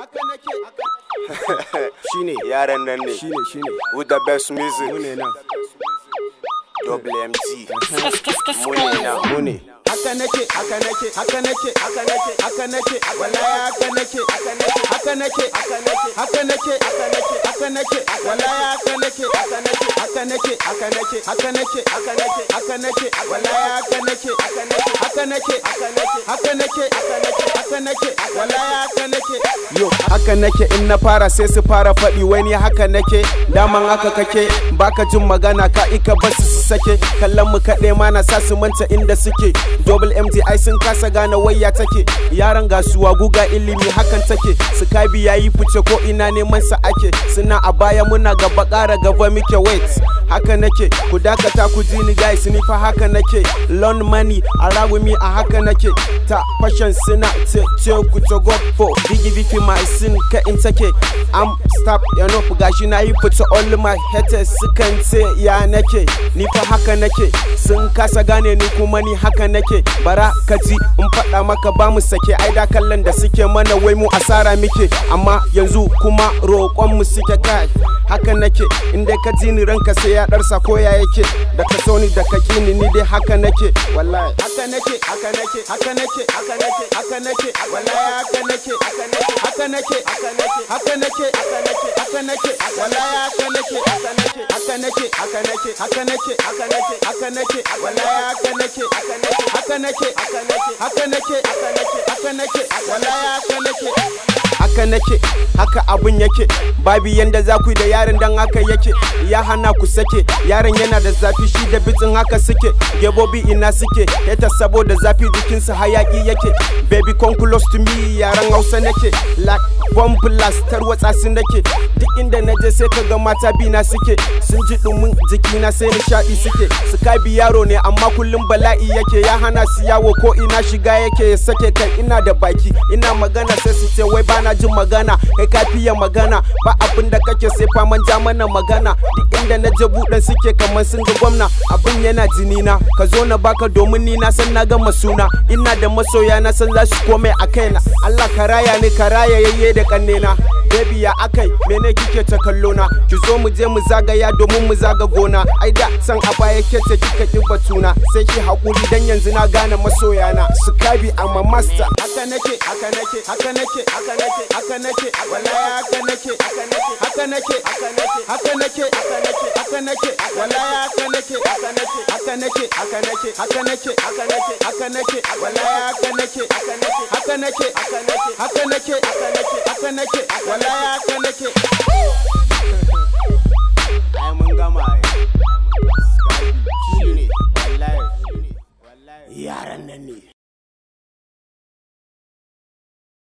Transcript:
haka nake yaran nan ne shine shine with the best music mune nan double mune nan mune haka nake haka nake haka nake haka nake haka nake wallahi haka nake haka nake haka nake haka nake haka nake haka nake haka nake wallahi haka nake haka nake haka nake haka nake haka nake haka nake haka nake wallahi haka nake haka nake haka nake haka nake haka nake haka nake haka nake in na fara sai su fara faɗi wani haka nake daman haka kake baka jin magana ka ika basu su sake kallon mu kaɗai ma na sa su manta inda suke double mdi sun kasa gane waya take yaran gasuwa guga ilimi hakan take su kabi yayi fice ko ina neman sa ake suna a baya muna gaba ƙara gaba muke wait haka nake ku dakata ku ji ni guys ni fa haka nake loan money a ragumi a haka nake ta fashion suna ce ce ku for gofo my sin ka in take am stop ya no gashi na yi put all my haters sukan ce ya nake ni fa haka nake sun kasa gane ni kuma ni haka nake bara ka ji in faɗa maka ba mu sake ai da kallon da suke mana wai mu asara muke amma yanzu kuma roƙon mu suke kai haka nake in dai ka jini ranka sai ya darsa ko ya yake da ka so ni da ka kini ni dai haka nake wallahi haka nake haka nake haka nake haka nake haka nake wallahi haka nake haka nake haka nake haka nake haka nake haka nake haka nake wallahi haka nake haka nake haka nake haka nake haka nake haka nake haka nake wallahi haka nake haka nake haka nake haka nake haka nake haka nake haka nake wallahi haka nake haka nake haka abun yake babu yanda za ku da yaren dan haka yake ya hana ku sake yaren yana da zafi shi da bitsin haka suke gebobi ina suke heta saboda zafi su hayaki yake baby come close to me yaran hausa nake like bomb blast tarwatsa sun nake duk inda na je sai kaga mata bi na suke sun ji dumin jiki na sai nishaɗi suke su kabi yaro ne amma kullum bala'i yake ya hana su yawo ko ina shiga yake ya sake kai ina da baki ina magana sai su ce wai bana jin magana kai ka fiye magana ba abin da kake sai faman ja mana magana duk inda na je buɗan suke kamar sun ga gwamna abin yana jini na ka zo na baka domin ni na san na gama suna ina da masoya na san za su komai a kaina Allah ka raya ni ka yayye da kannena baby ya akai mene kike ta kallo na ki zo mu je mu zagaya domin mu zaga gona ai da san a baya kece kika ki batuna sai ki hakuri dan yanzu na gane masoya na su kabi amma master haka nake haka nake haka nake haka nake haka nake wallahi haka nake haka nake haka nake haka nake haka nake haka nake haka nake wallahi haka nake haka nake haka nake haka nake haka nake haka nake haka nake wallahi haka nake haka nake haka nake haka nake haka nake haka nake haka nake I can make it.